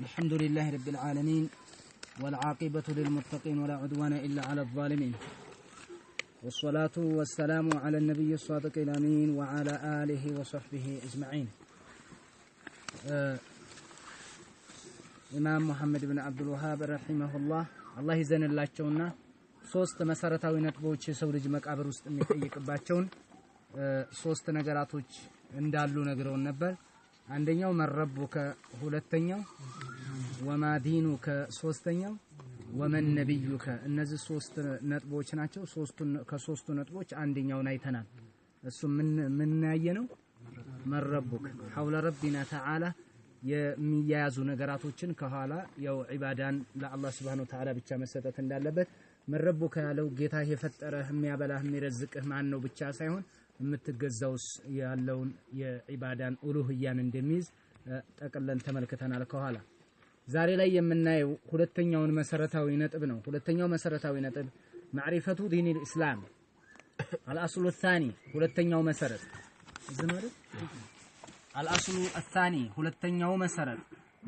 الحمد لله رب العالمين والعاقبة للمتقين ولا عدوان إلا على الظالمين والصلاة والسلام على النبي الصادق الأمين وعلى آله وصحبه أجمعين آه ኢማም ሙሐመድ ብን الله ረሒመሁላህ አላህ ይዘንላቸውና ሶስት መሰረታዊ ነጥቦች የሰው ልጅ መቃብር ውስጥ باتشون ሶስት نجراتوش اندالو نجرون ነበር አንደኛው መረቡከ ሁለተኛው፣ ወማዲኑከ ሶስተኛው፣ ወመን ነቢዩከ እነዚህ ሶስት ነጥቦች ናቸው። ከሶስቱ ነጥቦች አንደኛውን አይተናል። እሱ ምናየ ነው መረቡከ ሐውለ ረቢና ተዓላ የሚያያዙ ነገራቶችን ከኋላ ያው ዒባዳን ለአላህ ስብሓነሁ ወተዓላ ብቻ መሰጠት እንዳለበት መረቡከ ያለው ጌታ የፈጠረህ የሚያበላህ የሚረዝቅህ ማን ነው ብቻ ሳይሆን የምትገዛውስ ያለውን የዒባዳን ኡሉህያን እንደሚይዝ ጠቅለን ተመልክተናል። ከኋላ ዛሬ ላይ የምናየው ሁለተኛውን መሰረታዊ ነጥብ ነው። ሁለተኛው መሰረታዊ ነጥብ ማዕሪፈቱ ዲን ልእስላም አልአስሉ ታኒ ሁለተኛው መሰረት አልአስሉ ታኒ ሁለተኛው መሰረት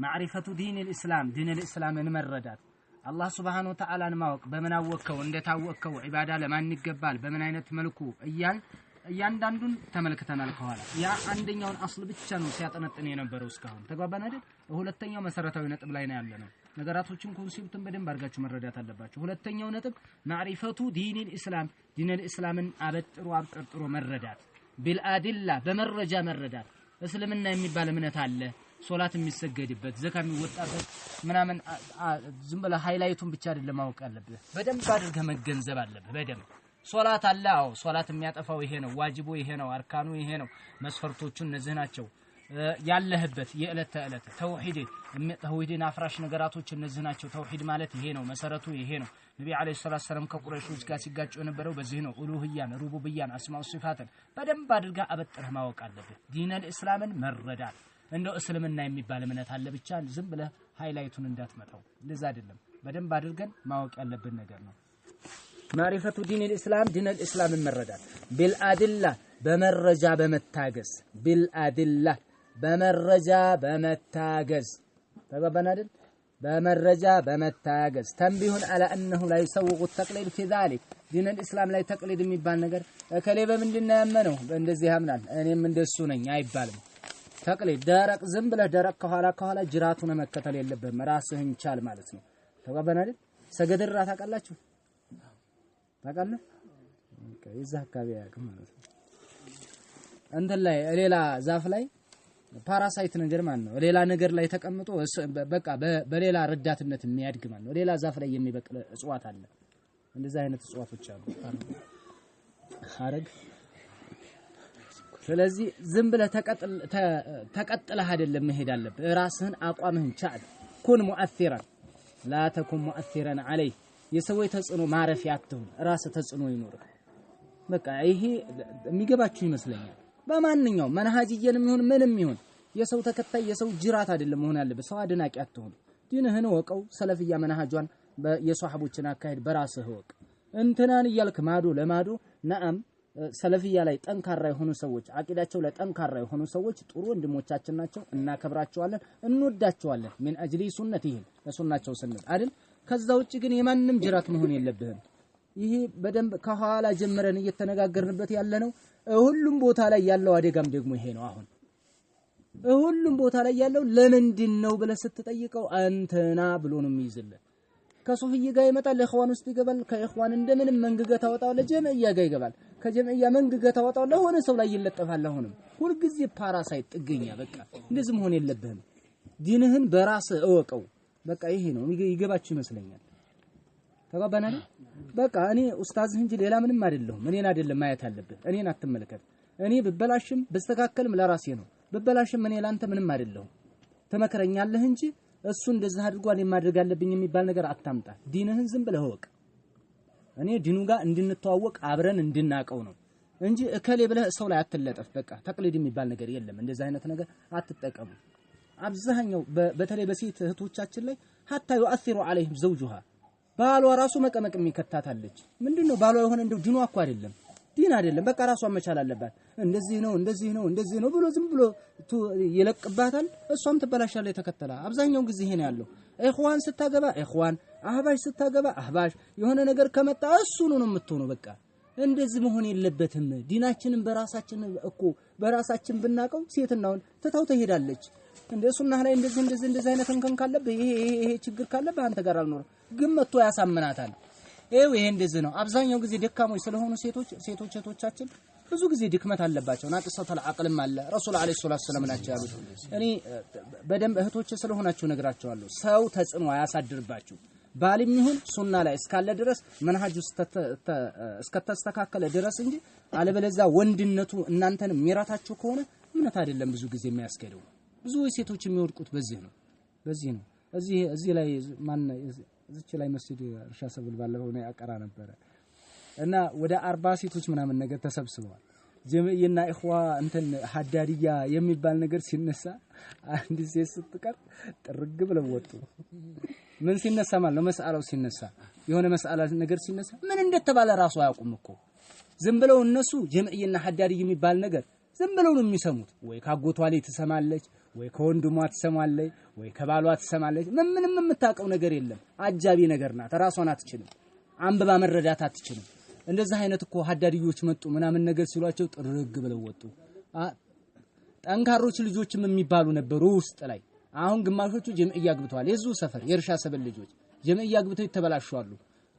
ማዕሪፈቱ ዲን ልእስላም ዲን ልእስላምን መረዳት አላህ ስብሓነ ወተዓላን ማወቅ በምን አወቅከው እንደታወቅከው ዒባዳ ለማን ይገባል በምን አይነት መልኩ እያል እያንዳንዱን ተመልክተናል። ከኋላ ያ አንደኛውን አስል ብቻ ነው ሲያጠነጥን የነበረው እስካሁን። ተግባባን አይደል? ሁለተኛው መሰረታዊ ነጥብ ላይ ነው ነው። ነገራቶችን ኮንሴፕትን በደንብ አድርጋችሁ መረዳት አለባችሁ። ሁለተኛው ነጥብ ማዕሪፈቱ ዲኒል ኢስላም ዲኒል ኢስላምን አበጥሮ አብጠርጥሮ መረዳት፣ ቢልአድላ በመረጃ መረዳት። እስልምና የሚባል እምነት አለ ሶላት የሚሰገድበት ዘካ የሚወጣበት ምናምን ዝም ብለህ ሃይላይቱን ብቻ አይደለም ማወቅ አለብህ። በደንብ አድርገህ መገንዘብ አለብህ። በደንብ ሶላት አለ። አዎ ሶላት የሚያጠፋው ይሄ ነው። ዋጅቡ ይሄ ነው። አርካኑ ይሄ ነው። መስፈርቶቹ እነዚህ ናቸው። ያለህበት የዕለት ተዕለት ተውሂድ ተውሂድን አፍራሽ ነገራቶች እነዚህ ናቸው። ተውሂድ ማለት ይሄ ነው፣ መሰረቱ ይሄ ነው። ነቢዩ ዓለይሂ ሰላቱ ሰላም ከቁረይሾች ጋር ሲጋጩ የነበረው በዚህ ነው። ኡሉህያን፣ ሩቡብያን፣ አስማኡ ሲፋትን በደንብ አድርጋ አበጥረህ ማወቅ አለብህ። ዲነል እስላምን መረዳት እንደው እስልምና የሚባል እምነት አለ ብቻ ዝም ብለህ ሃይላይቱን እንዳትመጣው፣ እንደዛ አይደለም። በደንብ አድርገን ማወቅ ያለብን ነገር ነው። ማሪፈቱ ዲንል ኢስላም ዲንል ኢስላም መረዳት ቢልአድላ በመረጃ በመታገዝ ቢልአድላ በመረጃ በመታገዝ ተግባባን አይደል? በመረጃ በመታገዝ ተንቢሁን አላ እነሁ ላይ ሰውቁ ተቅሊድ ፊ ዛሊክ ዲነል ኢስላም ላይ ተቅሊድ የሚባል ነገር እከሌ በምንድን ያመነው እንደዚህ ያምናል እኔም እንደሱ ነኝ አይባልም። ተቅሊድ ደረቅ ዝም ብለህ ደረቅ ከኋላ ከኋላ ጅራቱን መከተል የለብህም ራስህን ቻል ማለት ነው። ተግባባን ሰገድራ ታውቃላችሁ? ታውቃለህ? በቃ የዛ አካባቢ አያውቅም ማለት ነው። እንትን ላይ ሌላ ዛፍ ላይ ፓራሳይት ነገር ማለት ነው። ሌላ ነገር ላይ ተቀምጦ በቃ በሌላ ረዳትነት የሚያድግ ማለት ነው። ሌላ ዛፍ ላይ የሚበቅል እጽዋት አለ። እንደዚህ አይነት እጽዋቶች አሉ አረግ ስለዚህ ዝም ብለህ ተቀጥለህ አይደለም መሄድ አለብህ። ራስህን አቋምህን ቻል ኩን ሙአሲራን ላ ተኩን ሙአሲራን አለይህ የሰዎች ተጽዕኖ ማረፊያ አትሁን፣ ራስ ተጽዕኖ ይኖርህ። በቃ ይሄ የሚገባችሁ ይመስለኛል። በማንኛውም መንሃጅየንም ይሁን ምንም ይሁን የሰው ተከታይ የሰው ጅራት አይደለም መሆን ያለበት። ሰው አድናቂ አትሁን። ዲንህን ወቀው። ሰለፍያ መናሃጇን የሷሐቦችን አካሄድ በራስህ ወቅ። እንትናን እያልክ ማዶ ለማዶ ነአም ሰለፍያ ላይ ጠንካራ የሆኑ ሰዎች አቂዳቸው ላይ ጠንካራ የሆኑ ሰዎች ጥሩ ወንድሞቻችን ናቸው። እናከብራቸዋለን፣ እንወዳቸዋለን። ምን አጅሊ ሱነት ይህን ለሱናቸው ስንል አይደል ከዛ ውጭ ግን የማንም ጅራት መሆን የለብህም። ይሄ በደንብ ከኋላ ጀምረን እየተነጋገርንበት ያለ ነው። ሁሉም ቦታ ላይ ያለው አደጋም ደግሞ ይሄ ነው። አሁን ሁሉም ቦታ ላይ ያለው ለምንድን ነው ብለህ ስትጠይቀው አንተና ብሎ ነው የሚይዝልህ። ከሱፍዬ ጋር ይመጣል፣ ለኢኽዋን ውስጥ ይገባል። ከኢኽዋን እንደምንም መንግገ ታወጣው ለጀምዕያ ጋር ይገባል። ከጀምዕያ መንግገ ታወጣው ለሆነ ሰው ላይ ይለጠፋል። አሁንም ሁልጊዜ ፓራሳይት ጥገኛ። በቃ እንደዚህ መሆን የለብህም። ዲንህን በራስህ እወቀው። በቃ ይሄ ነው ይገባችሁ ይመስለኛል። ተባባናል። በቃ እኔ ኡስታዝ እንጂ ሌላ ምንም አይደለሁም። እኔን አይደለም ማየት አለብህ። እኔን አትመልከት። እኔ ብበላሽም ብስተካከልም ለራሴ ነው። ብበላሽም እኔ ላንተ ምንም አይደለሁም። ትመክረኛለህ እንጂ እሱ እንደዛ አድርጓል ማድረግ አለብኝ የሚባል ነገር አታምጣ። ዲንህን ዝም ብለህ ወቅ። እኔ ዲኑ ጋር እንድንተዋወቅ አብረን እንድናቀው ነው እንጂ እከሌ ብለህ ሰው ላይ አትለጠፍ። በቃ ተቅሊድ የሚባል ነገር የለም። እንደዛ አይነት ነገር አትጠቀሙ። አብዛኛው በተለይ በሴት እህቶቻችን ላይ ሀታ ዩአሲሩ አለይህም ዘውጁሃ ባሏ ራሱ መቀመቅ የሚከታታለች። ምንድን ነው ባሏ የሆነ እንደው ዲኗ እኮ አይደለም ዲን አይደለም፣ በቃ ራሷን መቻል አለባት። እንደዚህ ነው እንደዚህ ነው እንደዚህ ነው ብሎ ዝም ብሎ ይለቅባታል። እሷም ትበላሻለች ተከተላ። አብዛኛውን ጊዜ ይሄን ያለው ኢኽዋን ስታገባ ኢኽዋን፣ አህባሽ ስታገባ አህባሽ፣ የሆነ ነገር ከመጣ እሱኑ ነው የምትሆነው። በቃ እንደዚህ መሆን የለበትም። ዲናችንን በራሳችን እኮ በራሳችን ብናቀው ሴትናውን ትታው ትሄዳለች። እንደ ሱናህ ላይ እንደዚህ እንደዚህ እንደዚህ አይነት እንከን ካለብህ ይሄ ይሄ ይሄ ችግር ካለብህ አንተ ጋር አልኖርም፣ ግን መጥቶ ያሳምናታል። ይኸው ይሄ እንደዚህ ነው። አብዛኛው ጊዜ ደካሞች ስለሆኑ ሴቶች ሴቶች እህቶቻችን ብዙ ጊዜ ድክመት አለባቸው። ናቅሰተል አቅልም አለ። ረሱል አለይሂ ሰላቱ ሰላም ናቸው ያሉት። እኔ በደንብ እህቶች ስለሆናችሁ ነግራቸዋለሁ። ሰው ተጽዕኖ አያሳድርባችሁ። ባልም ይሁን ሱና ላይ እስካለ ድረስ መንሃጁ እስከተስተካከለ ድረስ እንጂ አለበለዚያ ወንድነቱ እናንተን የሚራታችሁ ከሆነ እምነት አይደለም ብዙ ጊዜ የሚያስገደው ብዙ ሴቶች የሚወድቁት በዚህ ነው በዚህ ነው። እዚህ እዚህ ላይ ማን እዚች ላይ መስጂድ እርሻ ሰብል ባለፈው ነው ያቀራ ነበረ እና ወደ አርባ ሴቶች ምናምን ነገር ተሰብስበዋል። ጀምዕየና ኢኽዋ እንትን ሀዳድያ የሚባል ነገር ሲነሳ አንድ ሴት ስትቀር ጥርግ ብለው ወጡ። ምን ሲነሳ ማለት ነው? መስአላው ሲነሳ የሆነ መስአላ ነገር ሲነሳ ምን እንደተባለ ራሱ አያውቁም እኮ ዝም ብለው እነሱ ጀምዕየና ሀዳድያ የሚባል ነገር ዝም ብለው ነው የሚሰሙት። ወይ ካጎቷ ላይ ትሰማለች፣ ወይ ከወንድሟ ትሰማለች፣ ወይ ከባሏ ትሰማለች። ምንም የምታውቀው ነገር የለም። አጃቢ ነገር ናት። ራሷን አትችልም። አንብባ መረዳት አትችልም። እንደዚህ አይነት እኮ ሀዳድዮች መጡ ምናምን ነገር ሲሏቸው ጥርግ ብለው ወጡ። ጠንካሮች ልጆችም የሚባሉ ነበሩ ውስጥ ላይ አሁን ግማሾቹ ጀምዕያ ግብተዋል። የዙ ሰፈር የእርሻ ሰብል ልጆች ጀምዕያ ግብተው ይተበላሻሉ።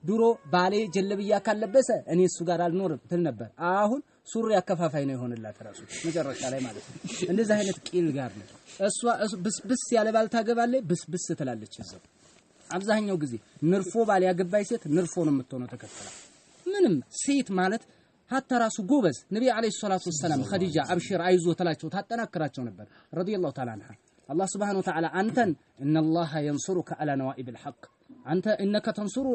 ድሮ ባሌ ጀለብያ ካለበሰ እኔ እሱ ጋር አልኖርም ትል ነበር። አሁን ሱሪ አከፋፋይ ነው የሆንላት ራሱ መጨረሻ ላይ ማለት ነው። እንደዚህ አይነት ቂል ጋር ነው እሷ ብስብስ ያለ ባል ታገባለች፣ ብስብስ ትላለች። እዛው አብዛኛው ጊዜ ንርፎ ባል ያገባች ሴት ንርፎ ነው የምትሆነው ተከትላ። ምንም ሴት ማለት ሀታ ራሱ ጎበዝ ነቢ አለይሂ ሰላቱ ወሰላም ኸዲጃ አብሽር አይዞ ትላቸው ታጠናክራቸው ነበር ረዲየላሁ ተዓላ አንሃ። አላህ ስብሐነሁ ወተዓላ አንተን እነላሃ የንሱሩከ አላ ነዋኢብል ሐቅ አንተ እነከ ተንሱሩ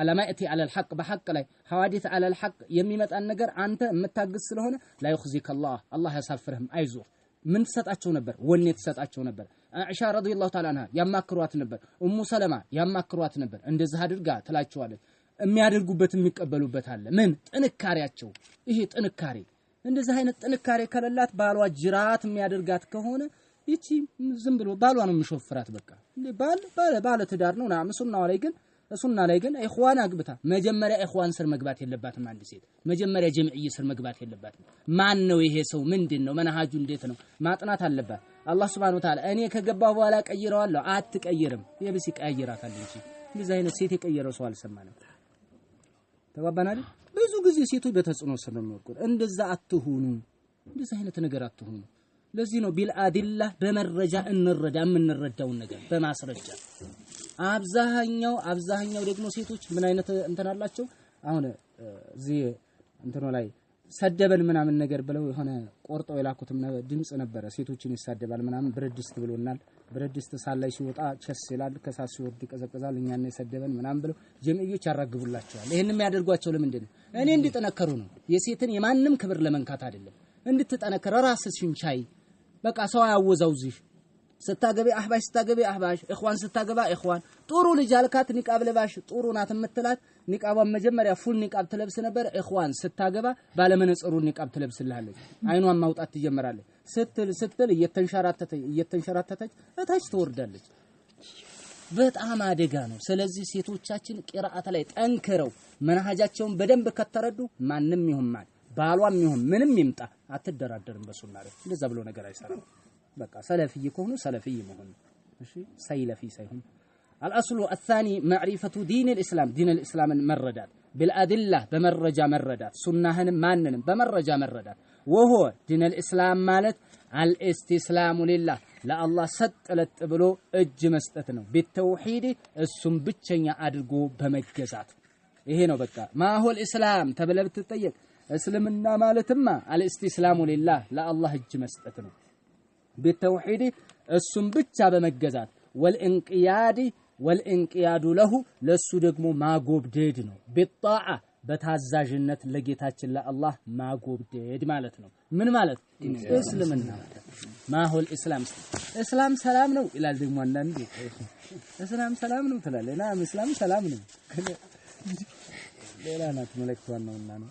አለማእቲ አለል በሐቅ ላይ ሐዋዲት አለል ሐቅ የሚመጣን ነገር አንተ የምታግዝ ስለሆነ ላ ዩኽዚከ አላህ አላህ ያሳፍርህም። አይዞህ። ምን ትሰጣቸው ነበር? ወኔ ትሰጣቸው ነበር። አኢሻ ረዲየላሁ ተዓላ አንሃ ያማክሯት ነበር። እሙ ሰለማ ያማክሯት ነበር። እንደዚህ አድርጋ ትላቸዋለች። የሚያደርጉበት የሚቀበሉበት አለ። ምን ጥንካሬያቸው። ይሄ ጥንካሬ እንደዚህ አይነት ጥንካሬ ከሌላት ባሏ ጅራት የሚያደርጋት ከሆነ ይቺ ዝም ብሎ ባሏ ነው የሚሾፍራት። በቃ ባል ባለ ትዳር ነው ምሱናዋ ላይ ግን እሱና ላይ ግን ኢኽዋን አግብታ መጀመሪያ ኢኽዋን ስር መግባት የለባትም። አንድ ሴት መጀመሪያ ጀምዕይ ስር መግባት የለባትም። ማን ነው ይሄ ሰው? ምንድን ነው መናሃጁ? እንዴት ነው? ማጥናት አለባት። አላህ ሱብሓነሁ ወተዓላ እኔ ከገባ በኋላ ቀይረዋለሁ። አትቀይርም። የብስ ይቀያይራታል እንጂ እንደዚህ አይነት ሴት የቀየረው ሰው አልሰማንም። ተባባናል። ብዙ ጊዜ ሴቶች በተጽዕኖ ስር ነው የሚወድቁት። እንደዛ አትሁኑ፣ እንደዛ አይነት ነገር አትሁኑ። ለዚህ ነው ቢልአዲላ በመረጃ እንረዳ የምንረዳውን ነገር በማስረጃ አብዛኛው አብዛኛው ደግሞ ሴቶች ምን አይነት እንትን አላቸው? አሁን እዚህ እንትኑ ላይ ሰደበን ምናምን ነገር ብለው የሆነ ቆርጠው የላኩትም ድምጽ ነበረ። ሴቶችን ይሳደባል ምናምን ብረድስት ብሎናል፣ ብረድስት ሳት ላይ ሲወጣ ቸስ ይላል፣ ከሳት ሲወርድ ይቀዘቅዛል፣ እኛና የሰደበን ምናምን ብለው ጀምዮች ያራግቡላቸዋል። ይህን የሚያደርጓቸው ለምንድን ነው? እኔ እንዲጠነከሩ ነው። የሴትን የማንም ክብር ለመንካት አይደለም። እንድትጠነከረ ራስሽን ቻይ፣ በቃ ሰው አያወዛውዝሽ ስታገቢ አህባሽ ስታገቢ አህባሽ፣ እኽዋን ስታገባ እኽዋን። ጥሩ ልጅ አልካት ኒቃብ ለባሽ ጥሩ ናት የምትላት ኒቃቧን መጀመሪያ ፉል ኒቃብ ትለብስ ነበር። እኽዋን ስታገባ ባለመነጽሩ ኒቃብ ትለብስልሃለች። አይኗን ማውጣት ትጀምራለች። ስትል ስትል እየተንሸራተተች እታች ትወርዳለች። በጣም አደጋ ነው። ስለዚህ ሴቶቻችን ቂራአት ላይ ጠንክረው መናሃጃቸውን በደንብ ከተረዱ ማንም ይሁን ማን ባሏም ይሁን ምንም ይምጣ አትደራደርም። በሱና እንደዛ ብሎ ነገር አይሰራም። بقى سلفي يكون سلفي مهم ماشي سيلفي سيهم الأصل الثاني معرفة دين الإسلام دين الإسلام مردات بالأدلة بمرجة مردات سنة مانن بمرجة مردات وهو دين الإسلام مالت الاستسلام لله لا الله ستلت بلو اج مستتنا بالتوحيد السن بچن يعدقو بمجزات ايهنا بكا ما هو الإسلام تبلا بتتطيق اسلمنا مالت ما الاستسلام لله لا الله اج مستتنا ቢተውሂድ እሱም ብቻ በመገዛት ወልእንቅያድ ወልእንቅያዱ ለሁ ለእሱ ደግሞ ማጎብደድ ነው። ቢጣዓ በታዛዥነት ለጌታችን ለአላህ ማጎብደድ ማለት ነው። ምን ማለት እስልምና ማሆል እስላም እስላም ሰላም ነው ይላል። ደግሞ አንዳንድ እስላም ሰላም ነው ትላለህ። እስላም ሰላም ነው ሌላ ናት መልእክት ዋናውና ነው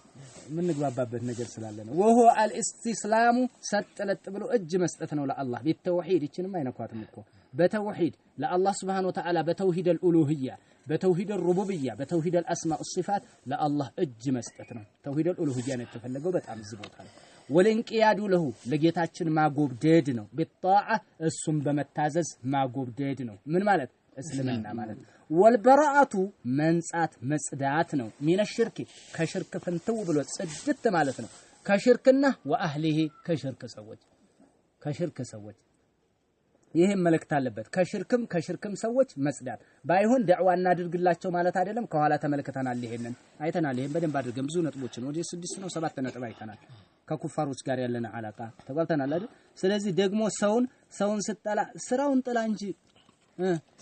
የምንግባባበት ነገር ስላለ ነው። ወሆ አልእስቲስላሙ ሰጥ ለጥ ብሎ እጅ መስጠት ነው ለአላህ ቢተውሂድ። ይችንም አይነኳትም እኮ በተውሂድ ለአላህ ስብሓነ ወተዓላ በተውሂድ አልኡሉህያ በተውሂድ ሩቡብያ በተውሂድ አልአስማኡ ሲፋት ለአላህ እጅ መስጠት ነው። ተውሂድ አልኡሉህያ ነው የተፈለገው። በጣም እዚህ ቦታ ነው። ወልንቅያዱ ለሁ ለጌታችን ማጎብደድ ነው። ቢጣዓ እሱም በመታዘዝ ማጎብደድ ነው። ምን ማለት እስልምና ማለት ነው። ወልበራአቱ መንጻት መጽዳት ነው። ሚነ ሽርክ ከሽርክ ፍንትው ብሎ ጽድት ማለት ነው። ከሽርክና ወአህሊሂ ከሽርክ ሰዎች ከሽርክ ሰዎች ይህም መልእክት አለበት። ከሽርክም ከሽርክም ሰዎች መጽዳት ባይሆን ደዕዋ እናድርግላቸው ማለት አይደለም። ከኋላ ተመልክተናል፣ ይሄንን አይተናል። ይሄን በደንብ አድርገን ብዙ ነጥቦችን ወደ ስድስት ነው ሰባት ነጥብ አይተናል። ከኩፋሮች ጋር ያለን አላቃ ተጓብተናል አይደል? ስለዚህ ደግሞ ሰውን ሰውን ስጠላ ስራውን ጥላ እንጂ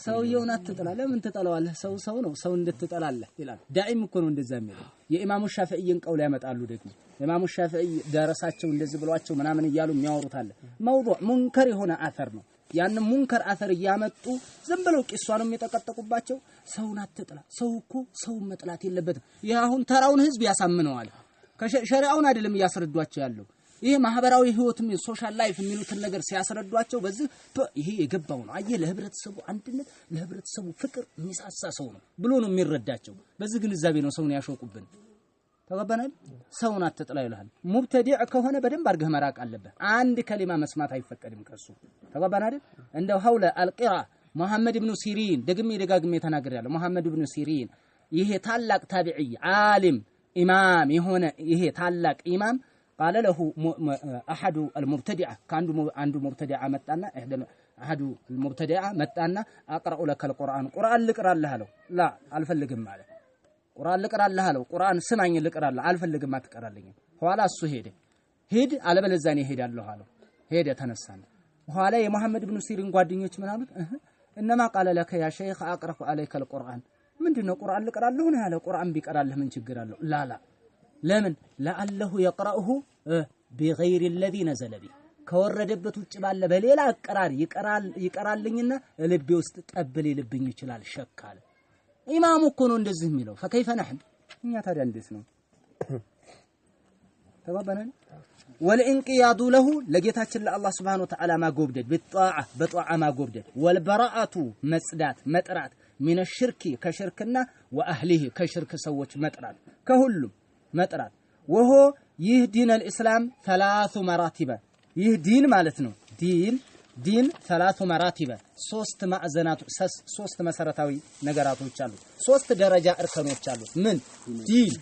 ሰውየውን አትጥላ። ለምን ትጠላዋለህ? ሰው ሰው ነው፣ ሰው እንድትጠላለህ ይላል። ዳኢም እኮ ነው እንደዛ የሚለው። የኢማሙ ሻፊዕይን ቀውል ያመጣሉ። ደግሞ ኢማሙ ሻፊዕይ ደረሳቸው እንደዚህ ብሏቸው ምናምን እያሉ የሚያወሩት አለ። መውዱዕ ሙንከር የሆነ አፈር ነው። ያንም ሙንከር አፈር እያመጡ ዝም ብለው ቂሷ ነው የሚጠቀጠቁባቸው። ሰውን አትጥላ። ሰው እኮ ሰውን መጥላት የለበትም። ይህ አሁን ተራውን ህዝብ ያሳምነዋል። ከሸሪዓውን አይደለም እያስረዷቸው ያለው ይሄ ማህበራዊ ህይወትም ሶሻል ላይፍ የሚሉትን ነገር ሲያስረዷቸው በዚህ ይሄ የገባው ነው አየ ለህብረተሰቡ አንድነት፣ ለህብረተሰቡ ፍቅር የሚሳሳ ሰው ነው ብሎ ነው የሚረዳቸው። በዚህ ግንዛቤ ነው ሰውን ያሾቁብን። ተቀበናል። ሰውን አትጥላ ይልሃል። ሙብተዲዕ ከሆነ በደንብ አድርገህ መራቅ አለበት። አንድ ከሊማ መስማት አይፈቀድም ከሱ ተቀበናል። እንደው ሀውለ አልቂራ መሐመድ ብኑ ሲሪን ደግሜ ደጋግሜ ተናግሬያለሁ። መሐመድ ብኑ ሲሪን ይሄ ታላቅ ታቢዒ ዓሊም ኢማም የሆነ ይሄ ታላቅ ኢማም ቃለ ለሁ አሐዱ አልሙብተዲዓ ከአንዱ ሙብተዲዓ መጣና አሐዱ ሙብተዲዓ መጣና አቅረኡ ለከ ልቁርአን ቁርአን ልቅራልህ አለው። ላ አልፈልግም አለ። ቁርአን ልቅራልህ አለው። ቁርአን ስማኝ ልቅራልህ አልፈልግም፣ አትቀራልኝም። ኋላ እሱ ሄደ። ሂድ አለበለዚያ እኔ እሄዳለሁ አለው። ሄደ ተነሳ። ኋላ የመሐመድ ብኑ ሲሪን ጓደኞች ምን እነማ ቃለ ለከ ያ ሸይኽ አቅረኡ አለይከ ልቁርአን ምንድነው ቁርአን ልቅራለሁ ነው ያለ። ቁርአን ቢቀራልህ ምን ችግር አለው? ላላ لمن لعله يقرأه اه، بغير الذي نزل به كورد وجه بالله بليلا قرار يقرال يقرال لينا لبي وسط تقبل يلبني يشلال شك قال امامو كونو اندزي ميلو فكيف نحن انيا تاري اندس نو تبابنا والانقياد له لجيتاچ الله سبحانه وتعالى ما غوبدت بالطاعه بطاعه ما غوبدت والبراءه مصدات مطرات من الشرك كشركنا واهله كشرك سوت مطرات كهلم መጥራት ወሆ ይህ ዲን አልእስላም ሰላሱ መራቲበ ይህ ዲን ማለት ነው። ዲን ዲን ሰላሱ መራቲበ ሶስት ማዕዘናቱ ሶስት መሰረታዊ ነገራቶች አሉት። ሶስት ደረጃ እርከኖች አሉት። ምን ዲን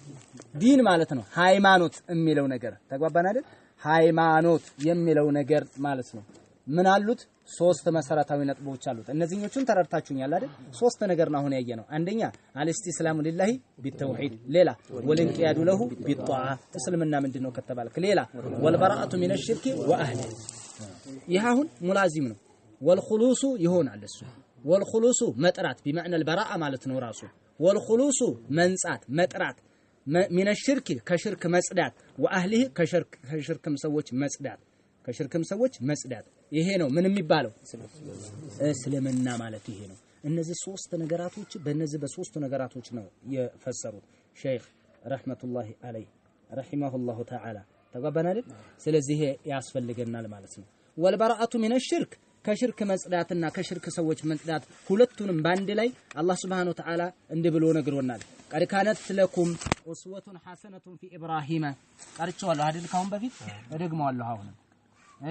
ዲን ማለት ነው ሃይማኖት የሚለው ነገር ተግባባን አይደል? ሃይማኖት የሚለው ነገር ማለት ነው። ምን አሉት? ሶስት መሰረታዊ ነጥቦች አሉት። እነዚህኞቹን ተረድታችሁኛል አይደል? ሶስት ነገር ነው አሁን ያየ ነው። አንደኛ አልስቲስላሙ ሊላሂ ቢተውሂድ፣ ሌላ ወልንቅያዱ ለሁ ቢጧዓ፣ እስልምና ምንድን ነው ከተባልክ፣ ሌላ ወልበራአቱ ሚነ ሽርክ ወአህሊ፣ ይህ አሁን ሙላዚም ነው። ወልኹሉሱ ይሆናል እሱ ወልኹሉሱ መጥራት ቢመዕነ አልበራአ ማለት ነው ራሱ ወልኹሉሱ መንጻት መጥራት ሚነ ሽርክ ከሽርክ መጽዳት፣ ወአህሊህ ከሽርክም ሰዎች መጽዳት كشركم سوتش مسدات يهينو من مي بالو اسلمنا مالت يهينو النزي سوست نقراتوش بالنزي بسوست نقراتوش نو يفسرو شيخ رحمة الله عليه رحمه الله تعالى تقبنا لب سلزي هي يأسفل لقرنا لمالسنو والبراءة من الشرك كشرك مسداتنا كشرك سوتش مسدات هلتون باندلي الله سبحانه وتعالى اندبلونا قرونا لب قال كانت لكم أسوة حسنة في إبراهيم قال تشوالو هذه الكون بفيت رقموا الله هونم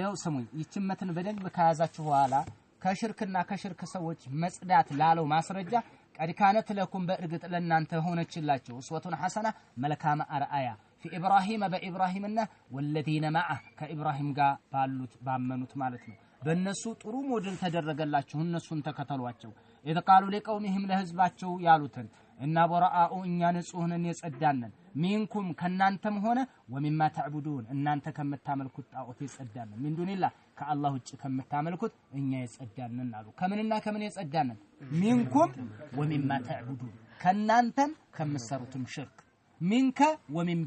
ያው ስሙኝ ይችመትን በደንብ ከያዛችሁ በኋላ ከሽርክና ከሽርክ ሰዎች መጽዳት ላለው ማስረጃ ቀድ ካነት ለኩም በእርግጥ ለእናንተ ሆነችላችሁ እስወቱን ሐሰና መልካም አርአያ ፊ ኢብራሂመ በኢብራሂምና ወለዚነ ማዓ ከኢብራሂም ጋር ባሉት ባመኑት ማለት ነው። በእነሱ ጥሩ ሞዴል ተደረገላችሁ፣ እነሱን ተከተሏቸው። ኢዝ ቃሉ ሊቀውሚህም ለህዝባቸው ያሉትን እና ቦረአኡ እኛ ንጹህንን የጸዳነን منكم كنانتم هنا ومن ما تعبدون إن أنت كم تعملكوا تأوثيس أدم من دون الله كالله كم تعملكوا إن يس أدم النارو كم إننا كم يس أدم منكم ومن ما تعبدون كنانتم كم سرتم شرك منك ومن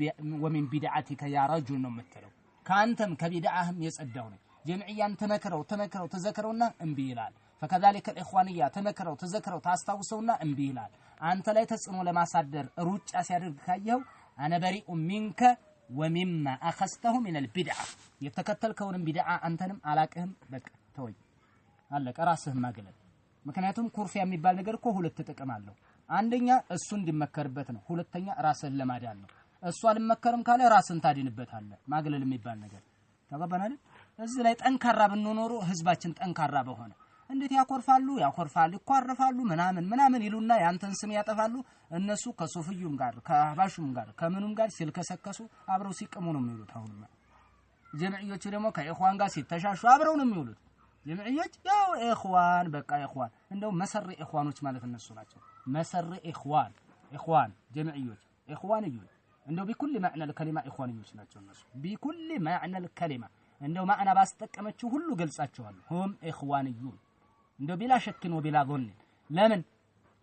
ومن بدعتك يا رجل نمتلو كانتم كبدعهم يس أدم جمعي أنت نكروا تنكروا تذكروا إن بيلال ፈከዛሊከ ኢኽዋንያ ተመክረው ተዘክረው ታስታውሰውና እምቢ ይላል። አንተ ላይ ተጽዕኖ ለማሳደር ሩጫ ሲያደርግ ካየው አነ በሪኡ ሚንከ ወሚማ አኸስተሁ ሚነል ቢድዓ የተከተልከውንም ቢድዓ አንተንም አላቅህም። በቃ ተወኝ፣ አለቀ። ራስህን ማግለል። ምክንያቱም ኩርፊያ የሚባል ነገር እኮ ሁለት ጥቅም አለው። አንደኛ እሱ እንዲመከርበት ነው፣ ሁለተኛ ራስህን ለማዳን ነው። እሱ አልመከርም ካለ ራስን ታድንበታለ። ማግለል የሚባል ነገር ተቀበናል። እዚህ ላይ ጠንካራ ብንኖሩ ህዝባችን ጠንካራ በሆነ እንዴት ያኮርፋሉ ያኮርፋል ይኳረፋሉ ምናምን ምናምን ይሉና ያንተን ስም ያጠፋሉ። እነሱ ከሱፍዩም ጋር ከአህባሹም ጋር ከምኑም ጋር ሲልከሰከሱ አብረው ሲቅሙ ነው የሚውሉት። አሁንማ ጀምዕዮቹ ደግሞ ከኢኽዋን ጋር ሲተሻሹ አብረው ነው የሚውሉት። ጀምዕዮች ያው ኢኽዋን በቃ ኢኽዋን እንደው መሰሪ ኢኽዋኖች ማለት እነሱ ናቸው። መሰሪ ኢኽዋን ኢኽዋን ጀምዕዮች ኢኽዋንዮች እንደው ቢኩል ማዕነል ከሊማ ኢኽዋንዮች ናቸው እነሱ ቢኩል ማዕነል ከሊማ እንደው ማዕና ባስጠቀመችው ሁሉ ገልጻቸዋል። ኢኽዋን ኢኽዋንዩን እንደው ቢላ ሸክን ወቢላ ጎን ለምን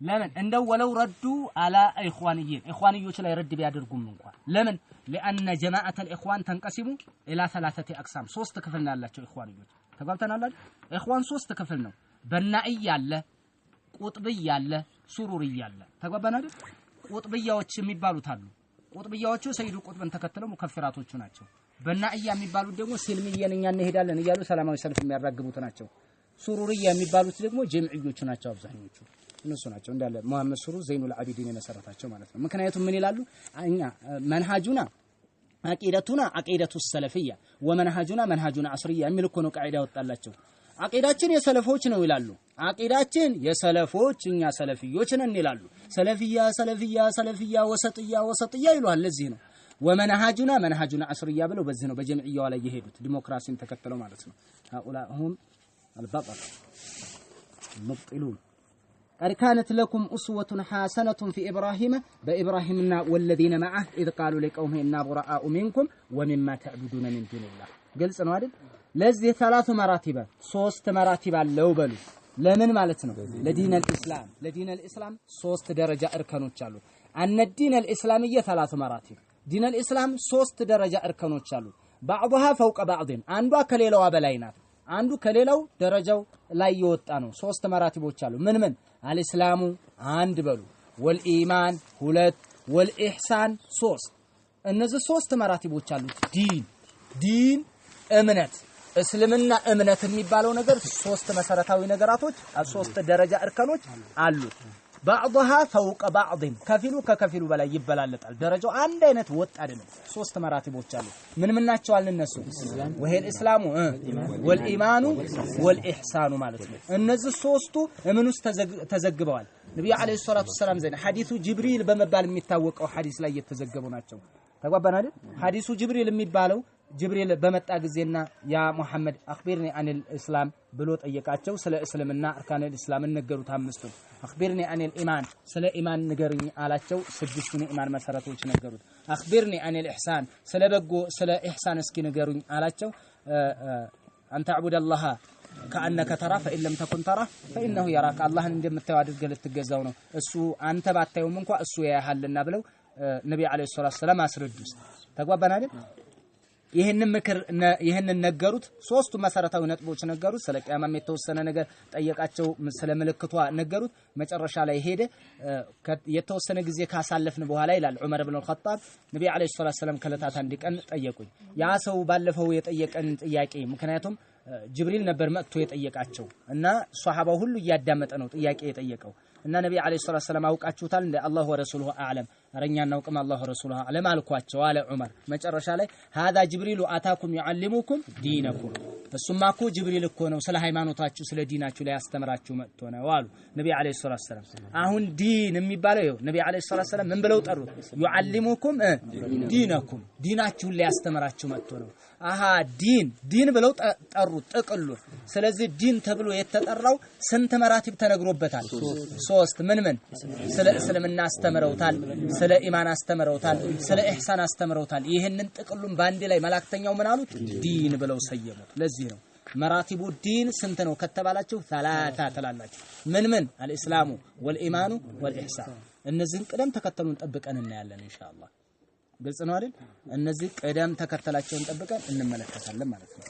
ለምን እንደው ወለው ረዱ አላ ኢኽዋንይን ኢኽዋንዮች ላይ ረድ ቢያደርጉም እንኳን ለምን ለአነ ጀማዓተል ኢኽዋን ተንቀሲሙ ኢላ ሰላሰቲ አቅሳም ሶስት ክፍል ነው ያላቸው ኢኽዋንዮች ተጓብተናል አይደል ኢኽዋን ሶስት ክፍል ነው በናኢ ያለ ቁጥብይ ያለ ሱሩሪ ያለ ተጓባን ቁጥብያዎች የሚባሉት አሉ ቁጥብያዎቹ ሰይዱ ቁጥብን ተከትለው ሙከፍራቶቹ ናቸው በናእያ የሚባሉት ደግሞ ሲልምየን እኛ እንሄዳለን እያሉ ሰላማዊ ሰልፍ የሚያራግቡት ናቸው ሱሩርያ የሚባሉት ደግሞ ጀምዕዮቹ ናቸው። አብዛኞቹ እነሱ ናቸው እንዳለ መሐመድ ሱሩር ዘይኑል አቢዲን የመሰረታቸው ማለት ነው። ምክንያቱም ምን ይላሉ? እኛ መንሃጁና አቂደቱና አቂደቱ ሰለፍያ ወመንሃጁና መንሃጁና አስርያ የሚል እኮ ነው ቃዒዳ ያወጣላቸው። አቂዳችን የሰለፎች ነው ይላሉ። አቂዳችን የሰለፎች እኛ ሰለፍዮች ነን ይላሉ። ሰለፍያ ሰለፍያ ሰለፍያ ወሰጥያ ወሰጥያ ይሏል። ለዚህ ነው ወመንሃጁና መንሃጁና አስርያ ብለው በዚህ ነው በጀምዕያዋ ላይ የሄዱት ዲሞክራሲን ተከተለው ማለት ነው። هؤلاء البقر مبطلون قد كانت لكم أسوة حسنة في إبراهيم بإبراهيمنا والذين معه إذ قالوا لقومه إنا براء منكم ومما تعبدون من دون الله قلت أنا وارد لذي ثلاث مراتب صوست مراتب لو بلو لمن مالتنا لدين الإسلام لدين الإسلام صوست درجة إركانو تشالو أن الدين الإسلامية ثلاث مراتب دين الإسلام صوست درجة إركانو تشالو بعضها فوق بعض أندوا كليلوا بلاينات አንዱ ከሌላው ደረጃው ላይ የወጣ ነው። ሶስት መራቲቦች አሉ። ምን ምን? አልእስላሙ አንድ በሉ፣ ወልኢማን ሁለት፣ ወልኢሕሳን ሶስት። እነዚህ ሶስት መራቲቦች አሉት ዲን ዲን እምነት እስልምና እምነት የሚባለው ነገር ሶስት መሰረታዊ ነገራቶች ሶስት ደረጃ እርከኖች አሉት። بعضها فوق بعض كفيلو ككفيلو بلا يبلا لطال درجة عن دينة وط أدنو سوست مراتب وطالو من من ناتشو على النسو وهي الإسلام والإيمان والإحسان مالتو النز سوستو من استزقبوال نبي عليه الصلاة والسلام زين حديث جبريل بمبال ميتاوك أو حديث لا يتزقبو ناتشو تقوى بنادر حديث جبريل ميبالو ጅብሪል በመጣ ጊዜና ያ ሙሐመድ አክቢርኒ አኒል እስላም ብሎ ጠየቃቸው። ስለ እስልምና አርካኒል እስላም ነገሩት አምስቱን። አክቢርኒ አኒል ኢማን ስለ ኢማን ንገርኝ አላቸው። ስድስቱን ኢማን መሰረቶች ነገሩት። አክቢርኒ አኒል ኢሕሳን ስለ በጎ ስለ ኢሕሳን እስኪ ንገሩኝ አላቸው። አንተ አዕቡድ አላህ ከአነከ ተራ ፈኢን ለም ተኩን ተራ ፈኢነሁ የራክ አላህን እንደምታየው አድርገህ ልትገዛው ነው እሱ አንተ ባታየውም እንኳ እሱ ያያሃልና ብለው ነቢ ዓለይሂ ሰላም አስረዱስ። ተግባባን አይደል? ይህንን ምክር ይህንን ነገሩት። ሶስቱ መሰረታዊ ነጥቦች ነገሩት። ስለ ቅያማም የተወሰነ ነገር ጠየቃቸው። ስለ ምልክቷ ነገሩት። መጨረሻ ላይ ሄደ። የተወሰነ ጊዜ ካሳለፍን በኋላ ይላል ዑመር ብን አልኸጣብ ነቢ ዓለይሂ ሰላቱ ወሰላም ከዕለታት አንድ ቀን ጠየቁኝ። ያ ሰው ባለፈው የጠየቀን ጥያቄ ምክንያቱም ጅብሪል ነበር መጥቶ የጠየቃቸው እና ሷሐባው ሁሉ እያዳመጠ ነው ጥያቄ የጠየቀው እና ነቢ ዓለይሂ ሰላቱ ወሰላም አውቃችሁታል እንደ አላሁ ወረሱሉሁ አዕለም ረኛ እናውቅም አላሁ ረሱሉ አለም አልኳቸው አለ ዑመር። መጨረሻ ላይ ሀዛ ጅብሪሉ አታኩም ዩዓሊሙኩም ዲነኩም፣ እሱማ እኮ ጅብሪል እኮ ነው ስለ ሃይማኖታችሁ ስለ ዲናችሁ ላይ ያስተምራችሁ መጥቶ ነው አሉ ነቢ ዓለይሂ ሰላቱ ወሰላም። አሁን ዲን የሚባለው ይኸው ነቢ ዓለይሂ ሰላቱ ወሰላም ምን ብለው ጠሩት? ዩዓሊሙኩም ዲነኩም፣ ዲናችሁን ላይ ያስተምራችሁ መጥቶ ነው። አሃ ዲን ዲን ብለው ጠሩት ጥቅሉ። ስለዚህ ዲን ተብሎ የተጠራው ስንት መራቲብ ተነግሮበታል? ሶስት ምን ምን ስለ እስልምና አስተምረውታል ስለ ኢማን አስተምረውታል፣ ስለ ኢህሳን አስተምረውታል። ይህንን ጥቅሉን በአንድ ላይ መላእክተኛው ምን አሉት? ዲን ብለው ሰየሙት። ለዚህ ነው መራቲቡ ዲን ስንት ነው ከተባላችሁ ሰላሳ ትላላችሁ። ምን ምን? አልእስላሙ ወልኢማኑ ወልኢህሳን። እነዚህን ቅደም ተከተሉን ጠብቀን እናያለን ኢንሻአላህ። ግልጽ ነው አይደል? እነዚህ ቅደም ተከተላቸውን ጠብቀን እንመለከታለን ማለት ነው።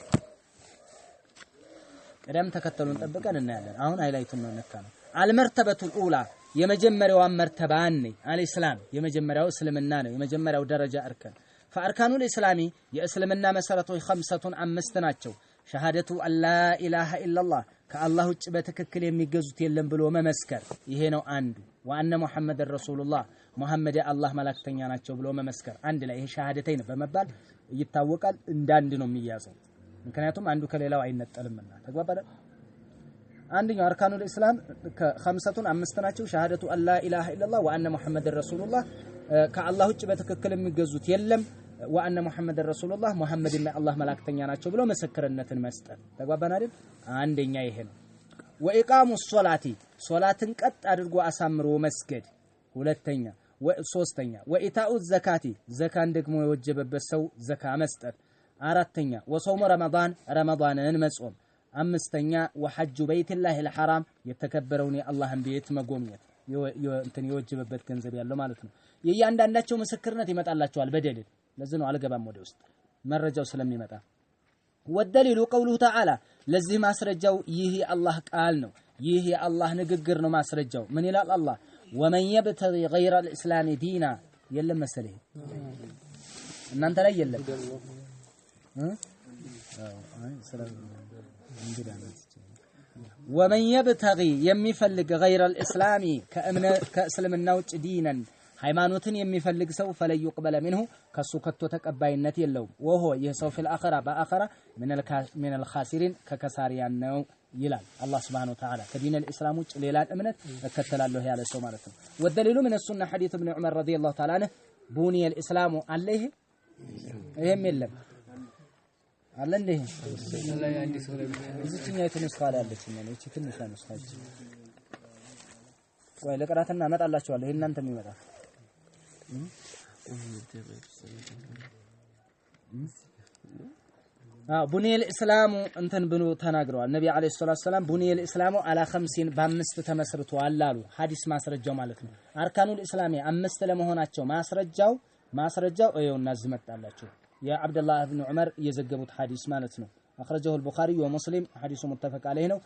ቅደም ተከተሉን ጠብቀን እናያለን። አሁን ሃይላይቱን ነው ነካ ነው አልመርተበቱል ኡላ የመጀመሪያዋን መርተባ ነኝ አልእስላም የመጀመሪያው እስልምና ነው። የመጀመሪያው ደረጃ እርከን ፈአርካኑል ኢስላሚ የእስልምና መሰረቶች ከምሰቱን አምስት ናቸው። ሸሃደቱ አላ ኢላሃ ኢላላህ ከአላህ ውጭ በትክክል የሚገዙት የለም ብሎ መመስከር ይሄ ነው አንዱ። ወአነ ሙሐመድን ረሱሉላህ ሙሐመድ የአላህ መላክተኛ ናቸው ብሎ መመስከር አንድ ላይ ይሄ ሸሃደተይን በመባል ይታወቃል። እንዳንድ ነው የሚያዘው፣ ምክንያቱም አንዱ ከሌላው አይነጠልምና ተግባባለ። አንደኛው አርካኑል ኢስላም ከምሰቱን አምስት ናቸው። ሸሃደቱ አላ ኢላሃ ኢለላህ ወአነ ሙሐመድን ረሱሉላህ ከአላህ ውጭ በትክክል የሚገዙት የለም ወአነ ሙሐመድን ረሱሉላህ ሙሐመድና አላህ መላክተኛ ናቸው ብሎ ምስክርነትን መስጠት ተግባባን አይደል? አንደኛ ይሄ ነው። ወኢቃሙ ሶላቲ ሶላትን ቀጥ አድርጎ አሳምሮ መስገድ ሁለተኛ። ሶስተኛ ወኢታኡ ዘካቲ ዘካን ደግሞ የወጀበበት ሰው ዘካ መስጠት አራተኛ። ወሶሙ ረመዳን ረመዳንን መጾም أمستنيا وحج بيت الله الحرام يتكبروني الله بيت مقومية يو يو انتن يوجب بيت كنزب يالله مالتنا يي عند الله شو مسكرنا تيمت الله شو البدل لازنو على قبام مدوست مرة جو سلمي متى والدليل قوله تعالى لزي ما سرجو يهي الله قالنو يهي الله نققرنو ما سرجو من إلى الله ومن يبتغي غير الإسلام دينا يلا مسليه نعم. نانتا لا يلا آه، آه، سلام ومن يبتغي يميفلق غير الإسلامي كأمن كأسلم النوج دينا حيمانو تن يميفلق سو فلا يقبل منه كسوكتو تكباين نتي اللو وهو يسو في الآخرة بآخرة من, من الخاسرين ككساريان نو يلال الله سبحانه وتعالى كدين الإسلام ليلا الأمنة كتلال له على سومارتهم والدليل من السنة حديث ابن عمر رضي الله تعالى بني الإسلام عليه يهم اللب አለ እንዴ? እዚችኛ የትንስፋ ላይ አለች ነው። እቺ ትንሽ አነስታች። ቆይ ለቅራትና እመጣላችኋለሁ። እናንተም ይመጣ ቡኒየል እስላሙ እንትን ብኑ ተናግረዋል። ነቢ ዓለይሂ ሰላቱ ወሰላም ቡኒየል እስላሙ አላ ኸምሲን በአምስት ተመስርቶ አላሉ። ሀዲስ ማስረጃው ማለት ነው። አርካኑል እስላሚ አምስት ለመሆናቸው ማስረጃው ማስረጃው ይኸውና እዚህ መጣላችሁ የአብደላህ እብን ዑመር የዘገቡት ሐዲስ ማለት ነው። አኽረጀሁ አልቡኻሪ ወሙስሊም ሐዲሱ ሙተፈቅ አለይህ ነው።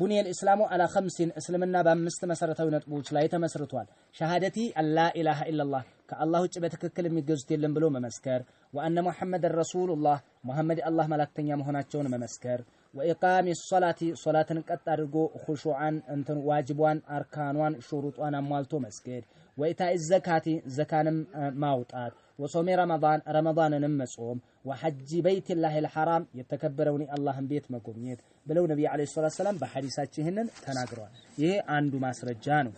ቡኒየ ልእስላሙ አላ ከምሲን እስልምና በአምስት መሰረታዊ ነጥቦች ላይ ተመስርቷል። ሸሃደቲ አላኢላሃ ኢላላህ ከአላህ ውጭ በትክክል የሚገዙት የለም ብሎ መመስከር፣ ወአነ ሙሐመድን ረሱሉላህ ሙሐመድ አላህ መላክተኛ መሆናቸውን መመስከር፣ ወኢቃሚ ሶላቲ ሶላትን ቀጥ አድርጎ ሁሹዓን እንትን ዋጅቧን፣ አርካኗን፣ ሹሩጧን አሟልቶ መስገድ ወኢታኢ ዘካቲ ዘካንም ማውጣት ወሶሜ ረመዳን ረመዳንንም መጾም ወሐጂ በይትላሂ ልሐራም የተከበረውን የአላህን ቤት መጎብኘት ብለው ነቢዩ ዓለይሂ ሰላቱ ሰላም በሐዲሳችን ይህንን ተናግረዋል። ይሄ አንዱ ማስረጃ ነው፣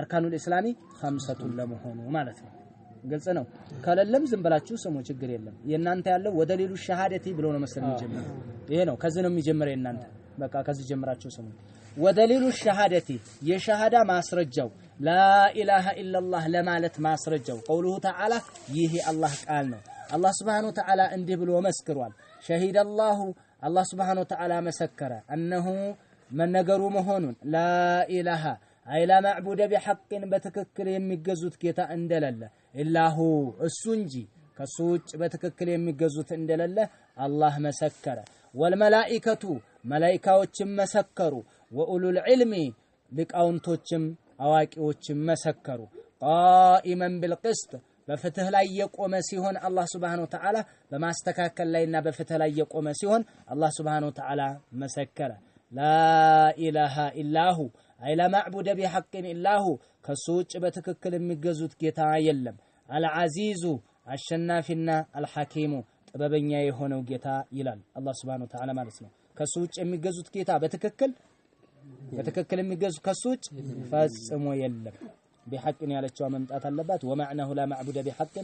አርካኑል ኢስላሚ ከምሰቱን ለመሆኑ ማለት ነው። ግልጽ ነው። ከሌለም ዝም ብላችሁ ስሙ፣ ችግር የለም። የእናንተ ያለው ወደ ሌሎች ሸሃደቲ ብሎ ነው መሰለኝ የሚጀምረው። ይሄ ነው ከዚህ ነው የሚጀምረው የእናንተ በቃ ከዚህ ጀምራችሁ ስሙ። ወደሊሉ ሸሃደቲ የሸሃዳ ማስረጃው ላኢላሃ ኢለላህ ለማለት ማስረጃው ቀውሉሁ ተዓላ ይህ አላህ ቃል ነው። አላህ ስብሓነሁ ወተዓላ እንዲህ ብሎ መስክሯል። ሸሂደላሁ አላህ ስብሓነሁ ወተዓላ መሰከረ እነሁ መነገሩ መሆኑን ላኢላሃ አይላ ማዕቡደ ቢሐቅን በትክክል የሚገዙት ጌታ እንደለለ ኢላሁ እሱ እንጂ ከሱ ውጭ በትክክል የሚገዙት እንደሌለ አላህ መሰከረ። ወልመላኢከቱ መላኢካዎችም መሰከሩ ወኡሉል ዒልሚ ሊቃውንቶችም አዋቂዎችም መሰከሩ። ቃኢመን ቢልቅስጥ በፍትህ ላይ የቆመ ሲሆን አላህ ስብሓነ ወተዓላ በማስተካከል ላይና በፍትህ ላይ የቆመ ሲሆን አላህ ስብሓነ ወተዓላ መሰከረ። ላኢላሃ ኢላሁ አይላ ማዕቡደ ቢሐቅን ኢላሁ ከሱ ውጭ በትክክል የሚገዙት ጌታ የለም። አልዓዚዙ አሸናፊና አልሐኪሙ ጥበበኛ የሆነው ጌታ ይላል አላህ ስብሓነ ወተዓላ ማለት ነው። ከሱ ውጭ የሚገዙት ጌታ በትክክል يتككل ميجز كسوج فاسمو يلم بحق اني على شو ممتات اللبات ومعناه لا معبود بحق